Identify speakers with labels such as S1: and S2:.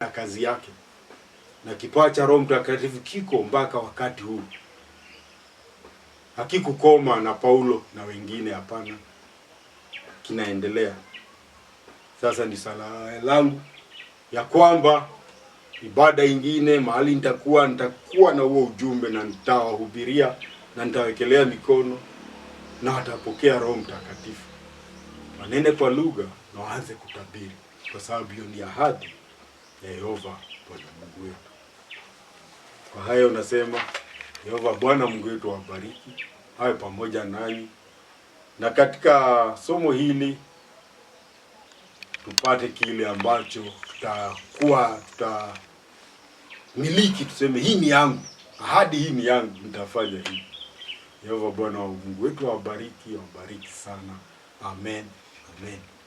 S1: na kazi yake na kipawa cha Roho Mtakatifu kiko mpaka wakati huu, hakikukoma na Paulo na wengine, hapana, kinaendelea. Sasa ni sala langu ya kwamba ibada ingine mahali nitakuwa nitakuwa na huo ujumbe na nitawahubiria na nitawekelea mikono na watapokea Roho Mtakatifu, wanene kwa lugha na waanze kutabiri, kwa sababu hiyo ni ahadi ya Yehova Bwana Mungu wetu. Kwa hayo unasema Yehova Bwana Mungu wetu awabariki, awe pamoja nanyi, na katika somo hili tupate kile ambacho tutakuwa tutamiliki, tuseme hii ni yangu, ahadi hii ni yangu, nitafanya hivi. Yehova Bwana Mungu wetu awabariki, awabariki sana. Amen,
S2: amen.